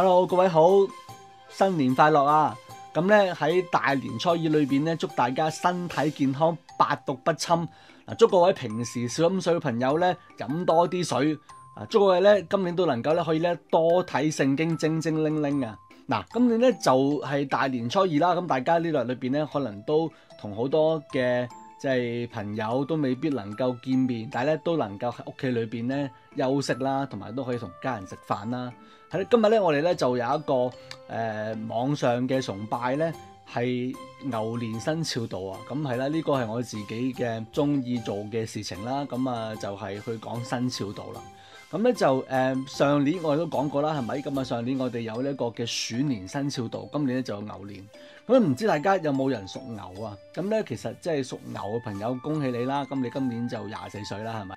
hello，各位好，新年快樂啊！咁呢，喺大年初二裏邊呢，祝大家身體健康，百毒不侵。嗱，祝各位平時少飲水嘅朋友呢，飲多啲水。啊，祝各位呢，今年都能夠咧可以呢，多睇聖經，精精靈靈啊！嗱，今年呢，就係大年初二啦，咁大家呢度裏邊呢，可能都同好多嘅。即係朋友都未必能夠見面，但係咧都能夠喺屋企裏邊咧休息啦，同埋都可以同家人食飯啦。係啦，今日咧我哋咧就有一個誒、呃、網上嘅崇拜咧，係牛年生肖道啊。咁係啦，呢、這個係我自己嘅鍾意做嘅事情啦。咁、嗯、啊就係、是、去講生肖道啦。咁咧就誒上年我哋都講過啦，係咪咁啊？上年我哋有呢一個嘅鼠年生肖道，今年咧就有牛年。咁唔知大家有冇人屬牛啊？咁咧其實即係屬牛嘅朋友，恭喜你啦！咁你今年就廿四歲啦，係咪？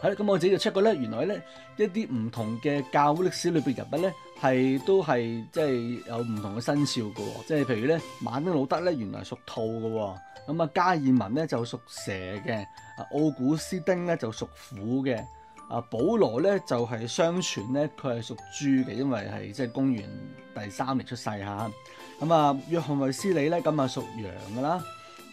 係啦，咁我自己就 check 過咧，原來咧一啲唔同嘅教會歷史裏邊人物咧係都係即係有唔同嘅生肖㗎喎，即係譬如咧馬丁路德咧原來屬兔㗎喎，咁啊加爾文咧就屬蛇嘅，啊奧古斯丁咧就屬虎嘅。啊，保羅咧就係、是、相傳咧，佢係屬豬嘅，因為係即係公元第三年出世嚇。咁啊，約翰衛斯理咧，咁啊屬羊噶啦。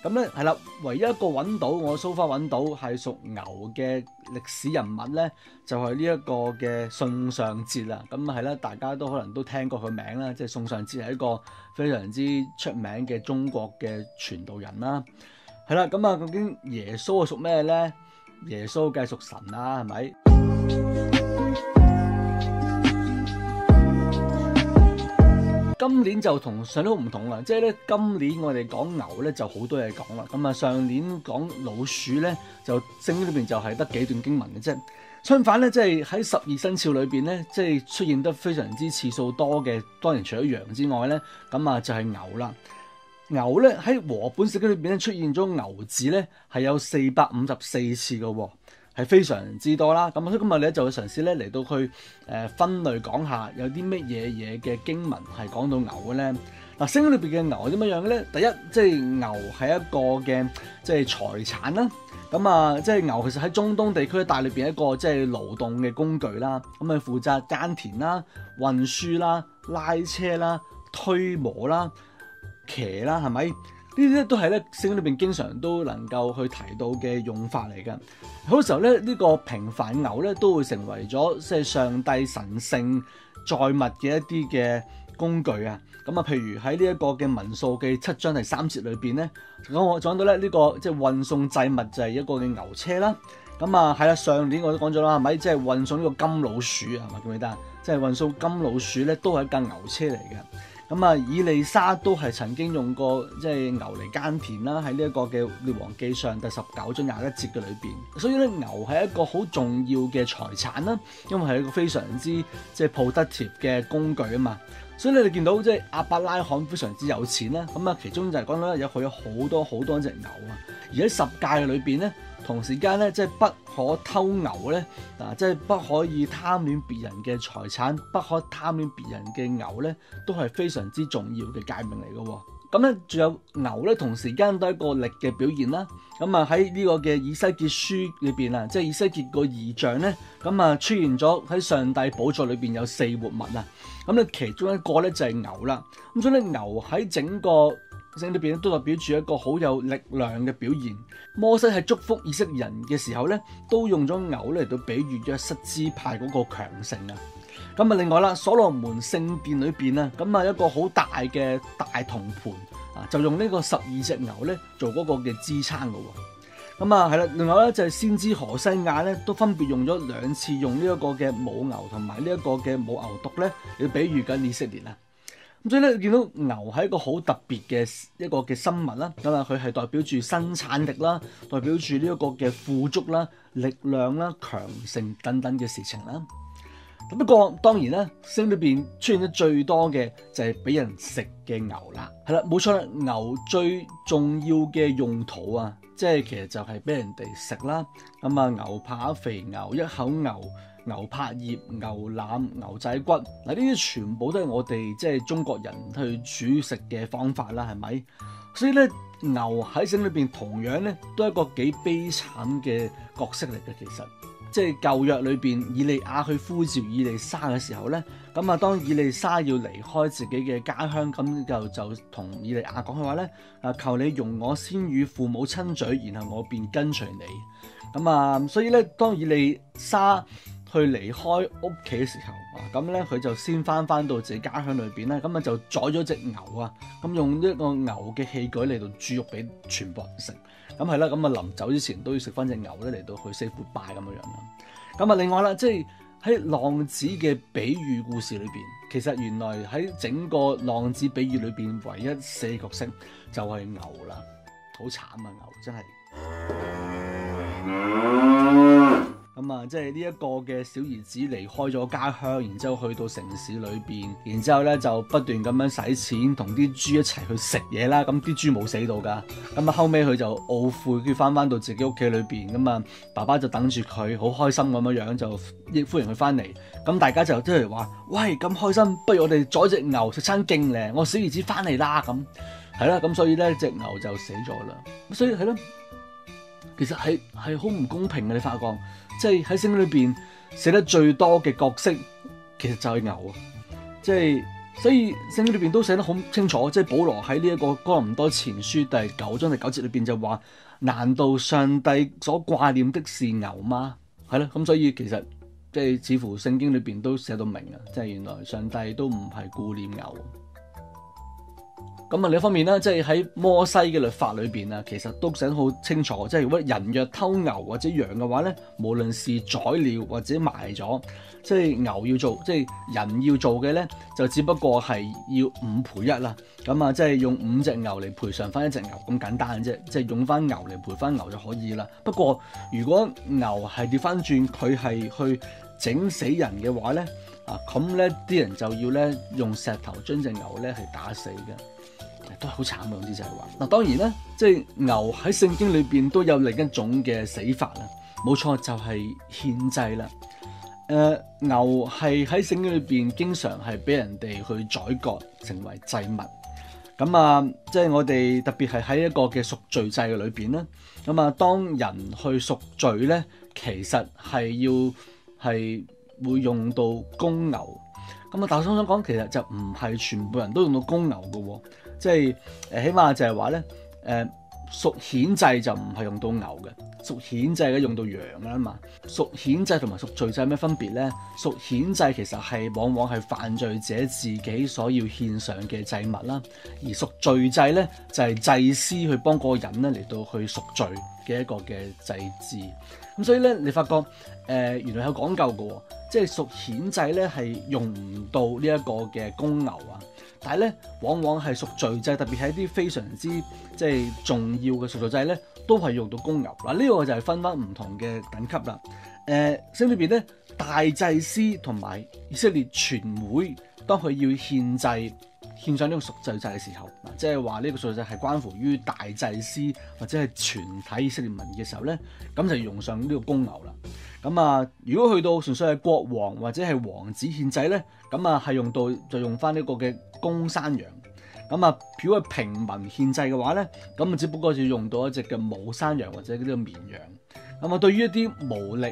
咁咧係啦，唯一一個揾到我 so far 揾到係屬牛嘅歷史人物咧，就係呢一個嘅宋尚節啊。咁啊係啦，大家都可能都聽過佢名啦，即係宋尚節係一個非常之出名嘅中國嘅傳道人啦。係、嗯、啦，咁、嗯、啊、嗯、究竟耶穌係屬咩咧？耶穌梗係屬神啦、啊，係咪？今年就同上年都唔同啦，即係咧今年我哋講牛咧就好多嘢講啦，咁啊上年講老鼠咧就聖經裏邊就係得幾段經文嘅啫。相反咧即係喺十二生肖裏邊咧即係出現得非常之次數多嘅，當然除咗羊之外咧，咁啊就係牛啦。牛咧喺和本聖經裏邊咧出現咗牛字咧係有四百五十四次嘅，哦。係非常之多啦，咁啊今日咧就會嘗試咧嚟到去誒、呃、分類講下有啲乜嘢嘢嘅經文係講到牛嘅咧。嗱、啊，聖經裏邊嘅牛係點樣樣嘅咧？第一，即、就、係、是、牛係一個嘅即係財產啦。咁啊，即、就、係、是、牛其實喺中東地區帶裏邊一個即係勞動嘅工具啦。咁啊，負責耕田啦、運輸啦、拉車啦、推磨啦、騎啦，係咪？呢啲咧都係咧聖經裏邊經常都能夠去提到嘅用法嚟㗎。好多時候咧，呢、這個平凡牛咧都會成為咗即係上帝神聖、載物嘅一啲嘅工具啊。咁、嗯、啊，譬如喺呢一個嘅民數記七章第三節裏邊咧，我講到咧、這、呢個即係運送祭物就係一個嘅牛車啦。咁、嗯、啊，係、嗯、啦，上年我都講咗啦，係咪即係運送呢個金老鼠係咪記唔記得？即係運送金老鼠咧都係一架牛車嚟嘅。咁啊，以利沙都係曾經用過即係牛嚟耕田啦，喺呢一個嘅列王記上第十九章廿一節嘅裏邊。所以咧，牛係一個好重要嘅財產啦，因為係一個非常之即係抱得貼嘅工具啊嘛。所以你哋見到即係亞伯拉罕非常之有錢啦，咁啊，其中就係講到有佢有好多好多隻牛啊。而喺十誡嘅裏邊咧，同時間咧，即係不可偷牛咧，嗱，即係不可以貪戀別人嘅財產，不可貪戀別人嘅牛咧，都係非常之重要嘅誡命嚟嘅。咁、嗯、咧，仲有牛咧，同時間都係一個力嘅表現啦。咁、嗯、啊，喺呢個嘅以西結書裏邊啊，即係以西結個異象咧，咁、嗯、啊出現咗喺上帝寶座裏邊有四活物啊。咁、嗯、咧，其中一個咧就係、是、牛啦。咁所以咧，牛喺整個聲裏邊咧都代表住一個好有力量嘅表現。摩西喺祝福以色列人嘅時候咧，都用咗牛咧嚟到比喻咗約瑟支派嗰個強盛啊。咁啊，另外啦，所羅門聖殿裏邊啊，咁啊一個好大嘅大銅盤啊，就用呢個十二隻牛咧做嗰個嘅支撐噶喎。咁啊係啦，另外咧就係先知何西亞咧，都分別用咗兩次用呢一個嘅母牛同埋呢一個嘅母牛犢咧，要比喻緊以色列啊。所以咧，你見到牛係一個好特別嘅一個嘅生物啦，咁啊，佢係代表住生產力啦，代表住呢一個嘅富足啦、力量啦、強盛等等嘅事情啦。不過當然咧，星裏邊出現得最多嘅就係俾人食嘅牛啦。係啦，冇錯啦，牛最重要嘅用途啊，即係其實就係俾人哋食啦。咁啊，牛扒、肥牛、一口牛。牛柏葉、牛腩、牛仔骨，嗱呢啲全部都係我哋即係中國人去煮食嘅方法啦，係咪？所以咧，牛喺整裏邊同樣咧都係一個幾悲慘嘅角色嚟嘅。其實即係舊約裏邊，以利亞去呼召以利沙嘅時候咧，咁啊，當以利沙要離開自己嘅家鄉，咁就就同以利亞講嘅話咧啊，求你容我先與父母親嘴，然後我便跟隨你。咁啊，所以咧，當以利沙。佢離開屋企嘅時候啊，咁咧佢就先翻翻到自己家鄉裏邊咧，咁啊就宰咗隻牛啊，咁用一個牛嘅器具嚟到煮肉俾全部人食。咁係啦，咁啊、嗯、臨走之前都要食翻隻牛咧嚟到去四處拜咁嘅樣啦。咁啊另外啦，即係喺浪子嘅比喻故事裏邊，其實原來喺整個浪子比喻裏邊唯一四角色就係牛啦，好慘啊牛真係。咁啊、嗯，即係呢一個嘅小兒子離開咗家鄉，然之後去到城市裏邊，然之後咧就不斷咁樣使錢，同啲豬一齊去食嘢啦。咁啲豬冇死到㗎，咁、嗯、啊後尾，佢就懊悔，佢住翻翻到自己屋企裏邊，咁、嗯、啊爸爸就等住佢，好開心咁樣樣就歡迎佢翻嚟。咁、嗯、大家就即係話：喂，咁開心，不如我哋宰隻牛食餐勁靚。我小兒子翻嚟啦，咁係啦。咁、嗯嗯嗯嗯嗯嗯嗯、所以咧，隻牛就死咗啦。所以係咯、嗯嗯，其實係係好唔公平嘅，你發覺。即係喺聖經裏邊寫得最多嘅角色，其實就係牛啊！即係所以聖經裏邊都寫得好清楚，即係保羅喺呢一個哥林多前書第九章第九節裏邊就話，難道上帝所掛念的是牛嗎？係啦，咁所以其實即係似乎聖經裏邊都寫到明啊，即係原來上帝都唔係顧念牛。咁啊，另一方面咧，即係喺摩西嘅律法裏邊啊，其實都寫得好清楚。即係如果人若偷牛或者羊嘅話咧，無論是宰了或者賣咗，即係牛要做，即係人要做嘅咧，就只不過係要五倍一啦。咁啊，即係用五隻牛嚟賠償翻一隻牛咁簡單啫，即係用翻牛嚟賠翻牛就可以啦。不過如果牛係跌翻轉，佢係去整死人嘅話咧，啊咁咧啲人就要咧用石頭將隻牛咧係打死嘅。都係好慘嘅嗰啲祭物。嗱、嗯，當然啦，即係牛喺聖經裏邊都有另一種嘅死法啦。冇錯，就係、是、獻祭啦。誒、呃，牛係喺聖經裏邊經常係俾人哋去宰割，成為祭物。咁、嗯、啊、嗯，即係我哋特別係喺一個嘅贖罪制嘅裏邊咧。咁、嗯、啊、嗯，當人去贖罪咧，其實係要係會用到公牛。咁、嗯、啊，但係我想講，其實就唔係全部人都用到公牛嘅喎、哦。即係誒，起碼就係話咧，誒贖愆祭就唔係用到牛嘅，贖愆祭嘅用到羊啦嘛。贖愆祭同埋贖罪祭有咩分別咧？贖愆祭其實係往往係犯罪者自己所要獻上嘅祭物啦，而贖罪祭咧就係、是、祭司去幫嗰個人咧嚟到去贖罪嘅一個嘅祭祀。咁所以咧，你發覺誒、呃、原來有講究嘅，即係贖愆祭咧係用唔到呢一個嘅公牛啊。但係咧，往往係贖罪祭，特別係一啲非常之即係重要嘅贖罪祭咧，都係用到公牛嗱。呢、啊這個就係分翻唔同嘅等級啦。誒、呃，先裏邊咧，大祭司同埋以色列全會，當佢要獻祭，獻上呢個贖罪祭嘅時候，啊、即係話呢個贖罪祭係關乎於大祭司或者係全體以色列民嘅時候咧，咁就用上呢個公牛啦。咁啊，如果去到純粹係國王或者係王子獻祭咧，咁啊係用到就用翻呢個嘅。公山羊。咁啊，如果係平民獻祭嘅話咧，咁只不過就用到一隻嘅母山羊或者嗰啲綿羊。咁啊，對於一啲無力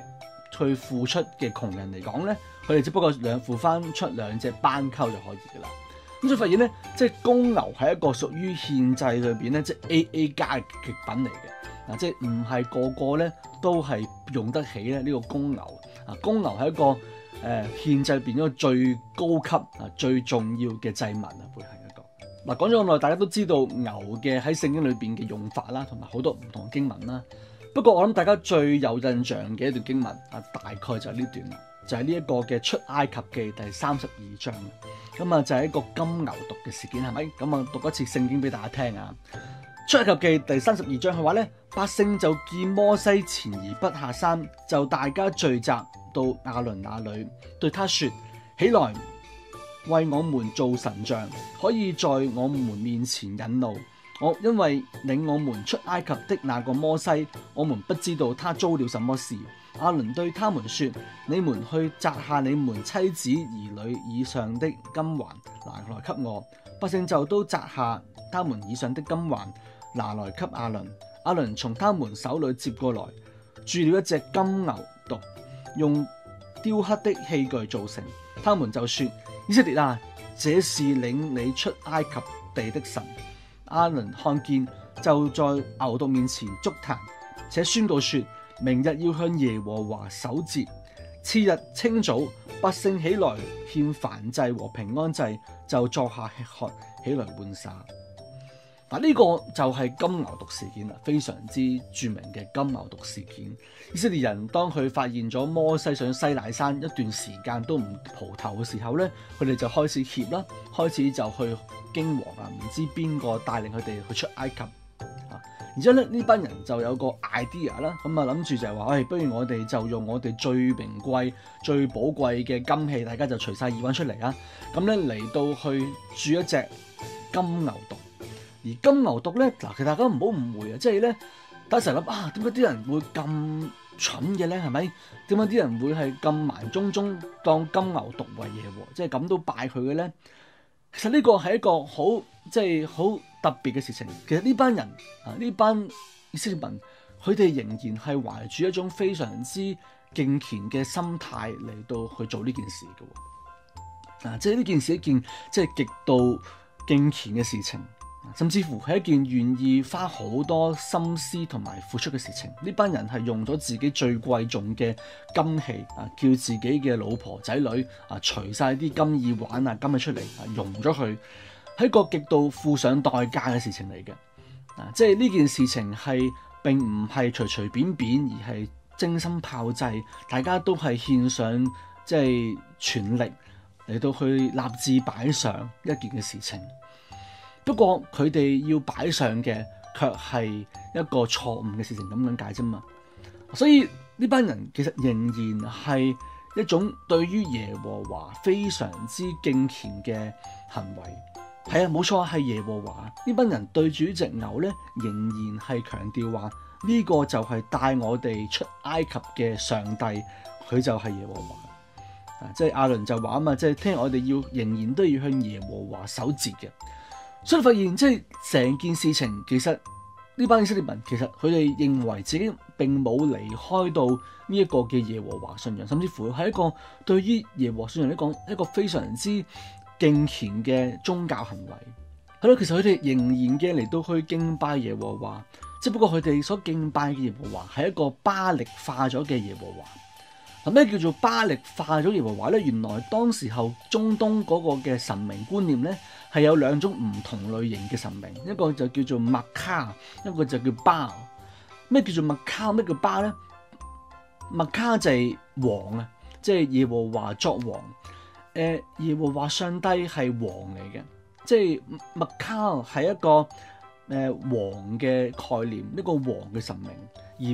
去付出嘅窮人嚟講咧，佢哋只不過兩付翻出兩隻斑鳩就可以噶啦。咁所以發現咧，即係公牛係一個屬於獻祭裡邊咧，即係 A A 加嘅極品嚟嘅。嗱，即係唔係個個咧都係用得起咧呢個公牛。啊，公牛係一個。誒，獻祭入邊嗰個最高級啊，最重要嘅祭文啊，會係一個。嗱，講咗咁耐，大家都知道牛嘅喺聖經裏邊嘅用法啦，啊、同埋好多唔同經文啦、啊。不過我諗大家最有印象嘅一段經文啊，大概就係呢段啦，就係呢一個嘅出埃及記第三十二章。咁啊，啊，就係、是、一個金牛犢嘅事件，係咪？咁啊，啊，讀一次聖經俾大家聽啊。出埃及記第三十二章嘅話呢，百姓就見摩西前而不下山，就大家聚集到亞倫那裡，對他說：起來，為我們做神像，可以在我們面前引路。我、哦、因為領我們出埃及的那個摩西，我們不知道他遭了什麼事。亞倫對他們說：你們去摘下你們妻子兒女以上的金環，拿來，來給我。百姓就都摘下他們以上的金環，拿來，來給亞倫。亞倫從他們手裡接過來，鑄了一隻金牛犢。毒用雕刻的器具做成，他們就說：以色列啊，這是領你出埃及地的神。亞倫看見，就在牛犢面前築壇，且宣告說：明日要向耶和華守節。次日清早，百姓起來獻燔祭和平安祭，就坐下吃喝，起來玩耍。嗱，呢、啊這個就係金牛犢事件啦，非常之著名嘅金牛犢事件。以色列人當佢發現咗摩西上西奈山一段時間都唔蒲頭嘅時候呢，佢哋就開始協啦，開始就去驚惶去啊！唔知邊個帶領佢哋去出埃及啊？然之後咧，呢班人就有個 idea 啦、啊，咁啊諗住就係話，喂、哎，不如我哋就用我哋最名貴、最寶貴嘅金器，大家就除晒耳環出嚟啊！咁呢嚟到去鑄一隻金牛犢。而金牛犢咧，嗱，其實大家唔好誤會啊，即係咧，大家成日諗啊，點解啲人會咁蠢嘅咧？係咪？點解啲人會係咁盲舂舂當金牛犢為邪惡？即係咁都拜佢嘅咧？其實呢個係一個好即係好特別嘅事情。其實呢班人啊，呢班以色列民，佢哋仍然係懷住一種非常之敬虔嘅心態嚟到去做呢件事嘅。嗱、啊，即係呢件事一件即係極度敬虔嘅事情。甚至乎係一件願意花好多心思同埋付出嘅事情。呢班人係用咗自己最貴重嘅金器啊，叫自己嘅老婆仔女啊，除晒啲金耳環啊、金嘅出嚟啊，融咗佢，係個極度付上代價嘅事情嚟嘅。啊，即係呢件事情係並唔係隨隨便便，而係精心炮製，大家都係獻上即係全力嚟到去立志擺上一件嘅事情。不過佢哋要擺上嘅卻係一個錯誤嘅事情，咁樣解啫嘛。所以呢班人其實仍然係一種對於耶和華非常之敬虔嘅行為。係啊，冇錯，係耶和華。呢班人對住隻牛咧，仍然係強調話呢個就係帶我哋出埃及嘅上帝，佢就係耶和華。啊，即係阿倫就話啊嘛，即係聽日我哋要仍然都要向耶和華守節嘅。所以發現，即係成件事情，其實呢班以色列民，其實佢哋認為自己並冇離開到呢一個嘅耶和華信仰，甚至乎係一個對於耶和華信仰嚟講一個一個非常之敬虔嘅宗教行為。係咯，其實佢哋仍然嘅嚟到去敬拜耶和華，只不過佢哋所敬拜嘅耶和華係一個巴力化咗嘅耶和華。嗱，咩叫做巴力化咗耶和華呢？原來當時候中東嗰個嘅神明觀念呢。係有兩種唔同類型嘅神明，一個就叫做麥卡，一個就叫巴。咩叫做麥卡？咩叫巴咧？麥卡就係王啊，即係耶和華作王。誒、呃，耶和華上帝係王嚟嘅，即係麥卡係一個誒、呃、王嘅概念，一個王嘅神明。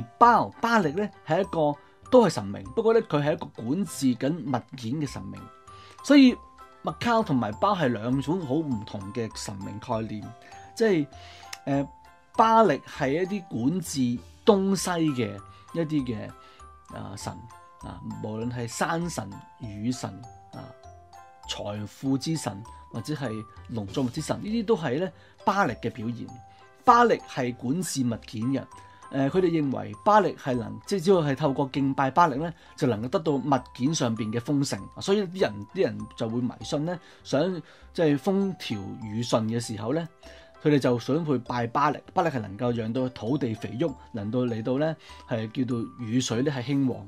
而巴巴力咧係一個都係神明，不過咧佢係一個管治緊物件嘅神明，所以。麥卡同埋巴係兩種好唔同嘅神明概念，即係誒、呃、巴力係一啲管治東西嘅一啲嘅啊神啊，無論係山神、雨神啊、財富之神或者係農作物之神，呢啲都係咧巴力嘅表現。巴力係管治物件嘅。誒，佢哋、呃、認為巴力係能，即係只要係透過敬拜巴力咧，就能夠得到物件上邊嘅豐盛，所以啲人啲人就會迷信咧，想即係風調雨順嘅時候咧，佢哋就想去拜巴力。巴力係能夠讓到土地肥沃，能到嚟到咧係叫做雨水咧係興旺。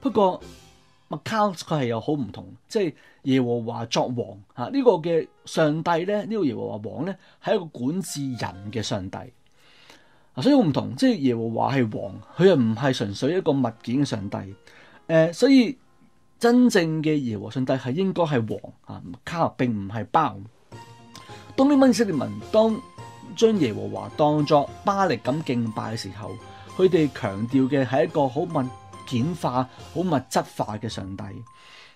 不過，麥卡斯佢係有好唔同，即係耶和華作王嚇，呢、啊這個嘅上帝咧，呢、這個耶和華王咧係一個管治人嘅上帝。所以我唔同，即係耶和華係王，佢又唔係純粹一個物件嘅上帝。誒、呃，所以真正嘅耶和上帝係應該係王啊，卡並唔係包。當呢邊以色列民當將耶和華當作巴力咁敬拜嘅時候，佢哋強調嘅係一個好物件化、好物質化嘅上帝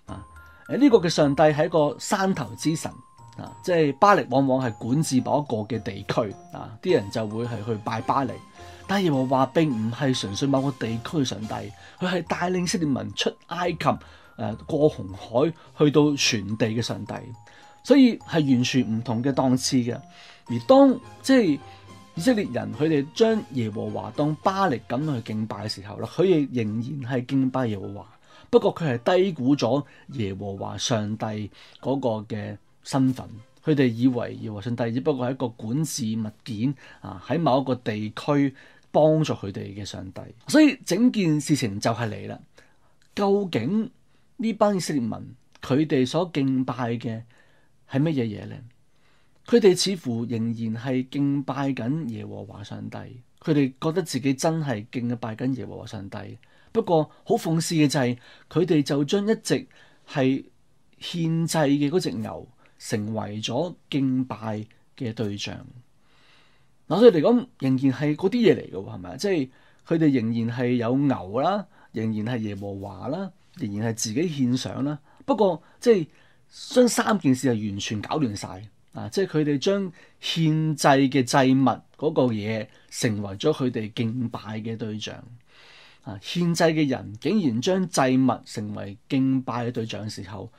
啊。誒，呢個嘅上帝係一個山頭之神。啊，即係巴力往往係管治某一個嘅地區，啊啲人就會係去拜巴力。但耶和華並唔係純粹某個地區上帝，佢係帶領以色列民出埃及，誒、呃、過紅海去到全地嘅上帝，所以係完全唔同嘅檔次嘅。而當即係以色列人佢哋將耶和華當巴力咁去敬拜嘅時候啦，佢哋仍然係敬拜耶和華，不過佢係低估咗耶和華上帝嗰個嘅身份，佢哋以為耶和上帝只不過係一個管治物件啊，喺某一個地區幫助佢哋嘅上帝，所以整件事情就係你啦。究竟呢班以色列民佢哋所敬拜嘅係乜嘢嘢呢？佢哋似乎仍然係敬拜緊耶和華上帝，佢哋覺得自己真係敬拜緊耶和華上帝。不過好諷刺嘅就係、是，佢哋就將一直係獻制獻祭嘅嗰隻牛，成為咗敬拜嘅對象，嗱，所以嚟講，仍然係嗰啲嘢嚟㗎，係咪啊？即係佢哋仍然係有牛啦，仍然係耶和華啦，仍然係自己獻上啦。不過，即係將三件事係完全搞亂晒啊！即係佢哋將獻祭嘅祭物嗰個嘢，成為咗佢哋敬拜嘅對象啊！獻祭嘅人竟然將祭物成為敬拜嘅對象嘅時候。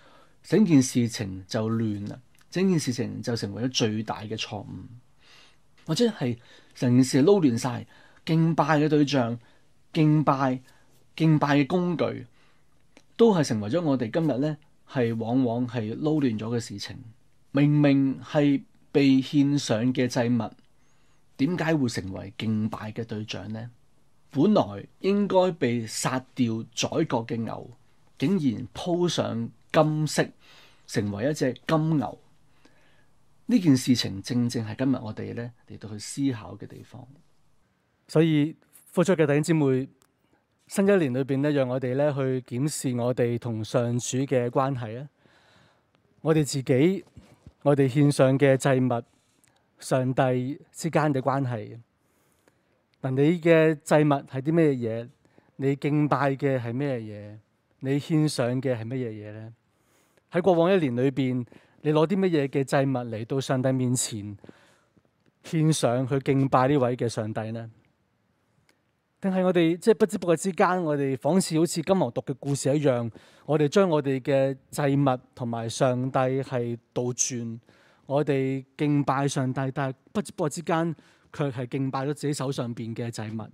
整件事情就亂啦，整件事情就成為咗最大嘅錯誤，或者係成件事撈亂晒。敬拜嘅對象、敬拜敬拜嘅工具，都係成為咗我哋今日呢，係往往係撈亂咗嘅事情。明明係被獻上嘅祭物，點解會成為敬拜嘅對象呢？本來應該被殺掉宰割嘅牛，竟然鋪上。金色成為一隻金牛，呢件事情正正係今日我哋咧嚟到去思考嘅地方。所以，付出嘅弟兄姊妹，新一年裏邊咧，讓我哋咧去檢視我哋同上主嘅關係啊！我哋自己，我哋獻上嘅祭物，上帝之間嘅關係。嗱，你嘅祭物係啲咩嘢？你敬拜嘅係咩嘢？你獻上嘅係乜嘢嘢咧？喺過往一年裏邊，你攞啲乜嘢嘅祭物嚟到上帝面前獻上去敬拜呢位嘅上帝呢？定係我哋即係不知不覺之間，我哋仿似好似金牛犢嘅故事一樣，我哋將我哋嘅祭物同埋上帝係倒轉，我哋敬拜上帝，但係不知不覺之間卻係敬拜咗自己手上邊嘅祭物。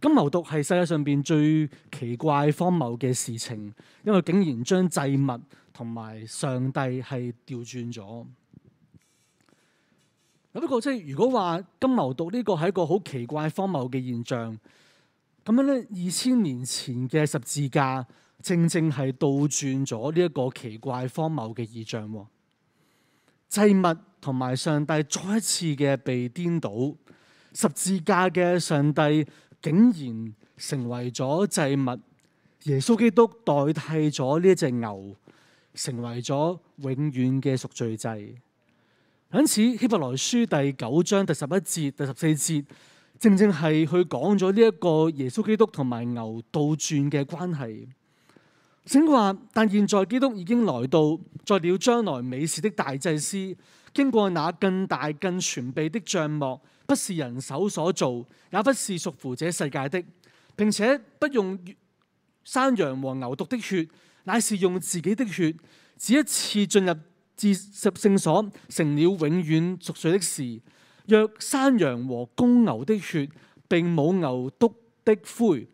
金牛犢係世界上邊最奇怪荒謬嘅事情，因為竟然將祭物同埋上帝係調轉咗。不過，即係如果話金牛犢呢個係一個好奇怪荒謬嘅現象，咁樣咧，二千年前嘅十字架正正係倒轉咗呢一個奇怪荒謬嘅意象。祭物同埋上帝再一次嘅被顛倒，十字架嘅上帝。竟然成為咗祭物，耶穌基督代替咗呢一隻牛，成為咗永遠嘅贖罪祭。因此希伯來書第九章第十一節、第十四節，正正係去講咗呢一個耶穌基督同埋牛倒轉嘅關係。聖話，但現在基督已經來到，作了將來美事的大祭司，經過那更大更全備的帳幕，不是人手所造，也不是屬乎這世界的，並且不用山羊和牛犢的血，乃是用自己的血，只一次進入至聖所，成了永遠贖罪的事。若山羊和公牛的血並母牛犢的灰。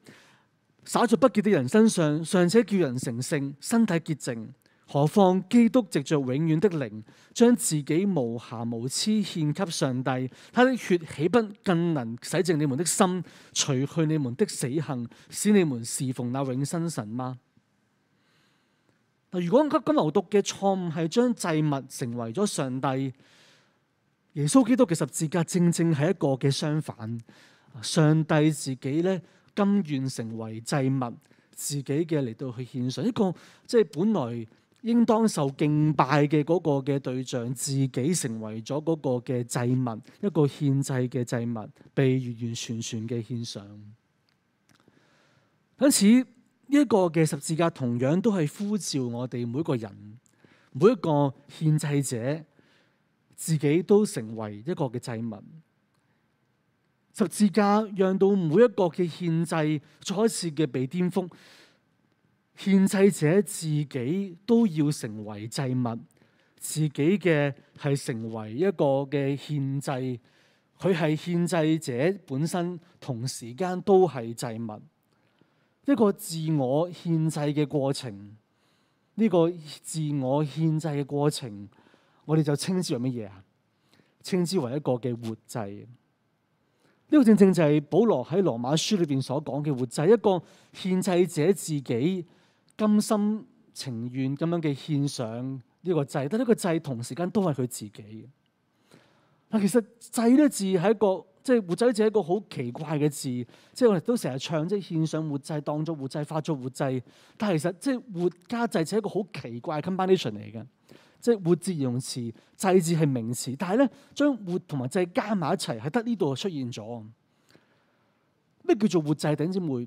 灑在不潔的人身上，尚且叫人成聖、身體潔淨；何況基督藉着永遠的靈，將自己無瑕無疵獻給上帝，他的血豈不更能洗淨你們的心，除去你們的死行，使你們侍奉那永生神嗎？如果金牛犢嘅錯誤係將祭物成為咗上帝，耶穌基督嘅十字架正正係一個嘅相反，上帝自己呢，甘願成為祭物，自己嘅嚟到去獻上一個，即係本來應當受敬拜嘅嗰個嘅對象，自己成為咗嗰個嘅祭物，一個獻祭嘅祭物，被完完全全嘅獻上。因此，呢一個嘅十字架同樣都係呼召我哋每個人，每一個獻祭者，自己都成為一個嘅祭物。十字架讓到每一個嘅獻祭再一次嘅被顛覆，獻祭者自己都要成為祭物，自己嘅係成為一個嘅獻祭。佢係獻祭者本身同時間都係祭物，一個自我獻祭嘅過程，呢、這個自我獻祭嘅過程，我哋就稱之為乜嘢啊？稱之為一個嘅活祭。呢個正正就係保羅喺羅馬書裏邊所講嘅活祭，一個獻祭者自己甘心情願咁樣嘅獻上呢個祭，但呢個祭同時間都係佢自己嘅。但其實祭呢字係一個，即係活祭呢字係一個好奇怪嘅字，即係我哋都成日唱即係獻上活祭，當咗活祭，化作活祭。但其實即係活加祭，係一個好奇怪嘅 combination 嚟嘅。即係活字形容詞，祭字係名詞，但係咧將活同埋祭加埋一齊，係得呢度出現咗。咩叫做活祭呢，弟姊妹？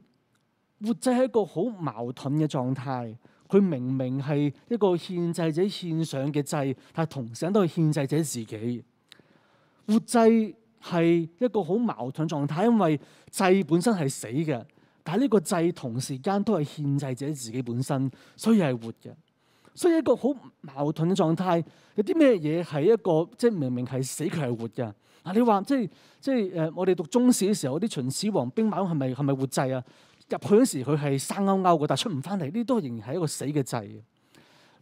活祭係一個好矛盾嘅狀態，佢明明係一個獻祭者獻上嘅祭，但係同時都係獻祭者自己。活祭係一個好矛盾狀態，因為祭本身係死嘅，但係呢個祭同時間都係獻祭者自己本身，所以係活嘅。所以一個好矛盾嘅狀態，有啲咩嘢係一個即係明明係死，佢係活嘅。嗱，你話即係即係誒，我哋讀中史嘅時候，啲秦始皇兵馬俑係咪係咪活祭啊？入去嗰時佢係生勾勾嘅，但係出唔翻嚟，呢都仍然係一個死嘅祭。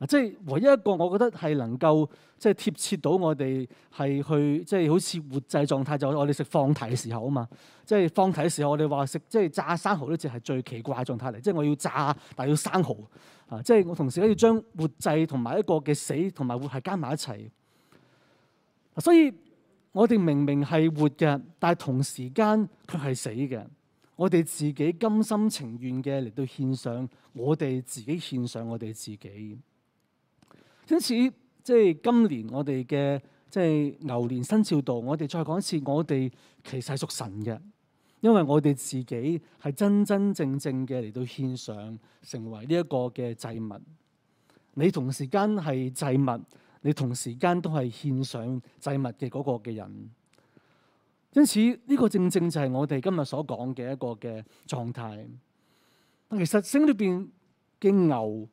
即係唯一一個，我覺得係能夠即係貼切到我哋係去即係好似活祭狀態，就我哋食放題嘅時候啊嘛。即係放題嘅時候，我哋話食即係炸生蠔呢隻係最奇怪嘅狀態嚟，即係我要炸，但係要生蠔啊！即係我同時咧要將活祭同埋一個嘅死同埋活係加埋一齊。所以我哋明明係活嘅，但係同時間佢係死嘅。我哋自己甘心情願嘅嚟到獻上，我哋自己獻上我哋自己。因此，即係今年我哋嘅即係牛年生肖道，我哋再講一次，我哋其實係屬神嘅，因為我哋自己係真真正正嘅嚟到獻上，成為呢一個嘅祭物。你同時間係祭物，你同時間都係獻上祭物嘅嗰個嘅人。因此，呢、這個正正就係我哋今日所講嘅一個嘅狀態。態。其實聖經裏邊嘅牛。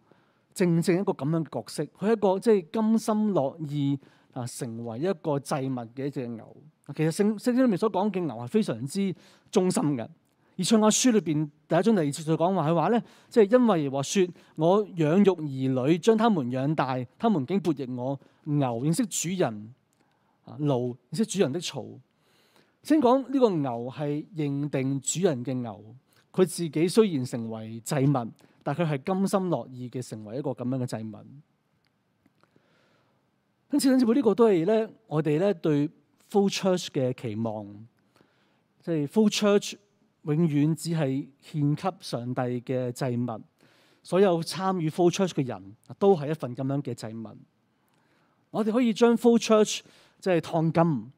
正正一個咁樣嘅角色，佢一個即係、就是、甘心樂意啊、呃，成為一個祭物嘅一隻牛。其實聖聖經裏面所講嘅牛係非常之忠心嘅。而《以賽亞書》裏邊第一章第二節就講話，佢話咧，即係因為話説我養育兒女，將他們養大，他們竟悖逆我，牛認識主人，驢、啊、認識主人的槽。先講呢個牛係認定主人嘅牛，佢自己雖然成為祭物。但佢係甘心樂意嘅，成為一個咁樣嘅祭物。次似唔似？呢個都係咧，我哋咧對 flow church 嘅期望，即係 flow church 永遠只係獻給上帝嘅祭物。所有參與 flow church 嘅人都係一份咁樣嘅祭物。我哋可以將 flow church 即係燙金，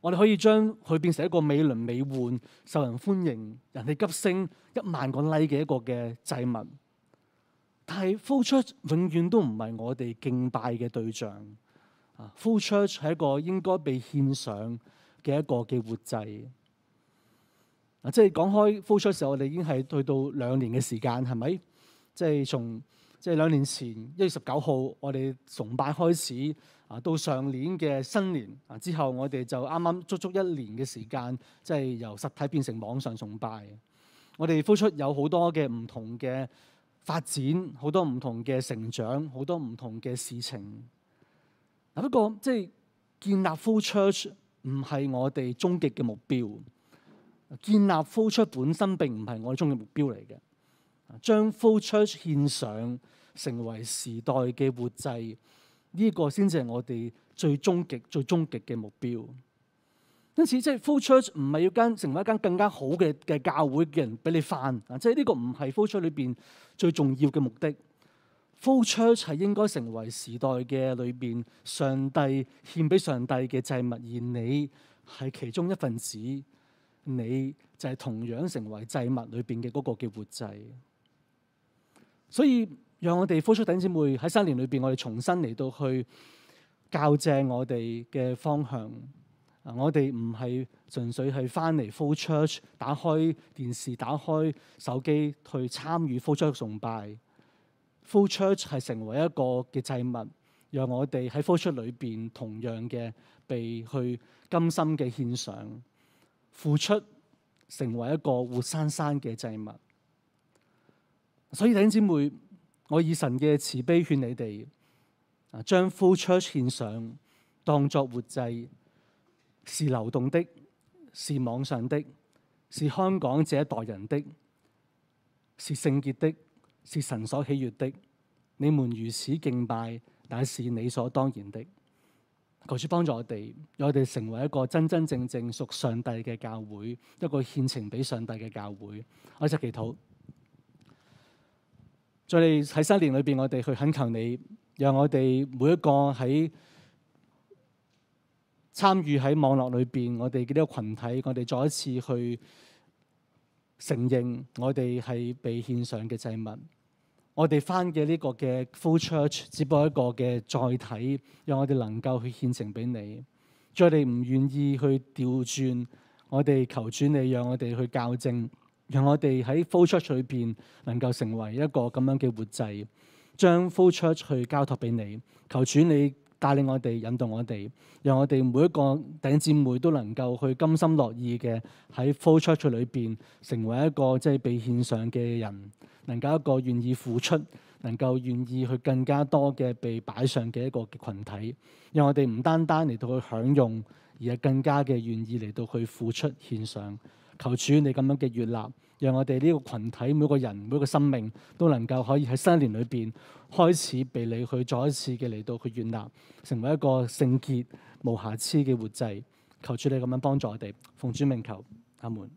我哋可以將佢變成一個美輪美奐、受人歡迎、人氣急升一萬個 like 嘅一個嘅祭物。但係 flow church 永遠都唔係我哋敬拜嘅對象，啊，flow church 係一個應該被獻上嘅一個嘅活祭。啊，即係講開 flow church 嘅時候，我哋已經係去到兩年嘅時間，係咪？即係從即係兩年前一月十九號，我哋崇拜開始啊，到上年嘅新年啊之後，我哋就啱啱足足一年嘅時間，即係由實體變成網上崇拜。我哋 flow church 有好多嘅唔同嘅。發展好多唔同嘅成長，好多唔同嘅事情。嗱，不過即係、就是、建立 flow church 唔係我哋終極嘅目標。建立 flow church 本身並唔係我哋終極目標嚟嘅。將 flow church 獻上成為時代嘅活祭，呢、這個先至係我哋最終極、最終極嘅目標。因此，即係 flow church 唔係要間成為一間更加好嘅嘅教會嘅人俾你返，即係呢個唔係 flow church 裏邊最重要嘅目的。flow church 係應該成為時代嘅裏邊上帝獻俾上帝嘅祭物，而你係其中一份子，你就係同樣成為祭物裏邊嘅嗰個叫活祭。所以，讓我哋 flow church 弟兄姊妹喺新年裏邊，我哋重新嚟到去校正我哋嘅方向。我哋唔係純粹係翻嚟 full church，打開電視、打開手機去參與 full church 崇拜。full church 係成為一個嘅祭物，讓我哋喺 full church 裏邊同樣嘅被去甘心嘅獻上，付出成為一個活生生嘅祭物。所以弟兄姊妹，我以神嘅慈悲勸你哋，啊，將 full church 獻上當作活祭。是流動的，是網上的，是香港這一代人的，是聖潔的，是神所喜悅的。你們如此敬拜，那是理所當然的。求主幫助我哋，讓我哋成為一個真真正正屬上帝嘅教會，一個獻呈俾上帝嘅教會。我一齊祈禱，在你喺新年裏邊，我哋去懇求你，讓我哋每一個喺。參與喺網絡裏邊，我哋嘅呢個群體，我哋再一次去承認我哋係被獻上嘅祭物。我哋翻嘅呢個嘅 flow church 只不過一個嘅載體，讓我哋能夠去獻呈俾你。在哋唔願意去調轉，我哋求主你讓我哋去校正，讓我哋喺 flow church 裏邊能夠成為一個咁樣嘅活祭，將 flow church 去交託俾你。求主你。帶領我哋，引導我哋，讓我哋每一個頂姊妹都能夠去甘心樂意嘅喺 flow church 裏邊成為一個即係被獻上嘅人，能夠一個願意付出，能夠願意去更加多嘅被擺上嘅一個群體，讓我哋唔單單嚟到去享用，而係更加嘅願意嚟到去付出獻上，求主你咁樣嘅悅納。讓我哋呢個群體每個人每個生命都能夠可以喺新一年裏邊開始被你去再一次嘅嚟到去悅納，成為一個聖潔無瑕疵嘅活祭。求主你咁樣幫助我哋，奉主名，求，阿門。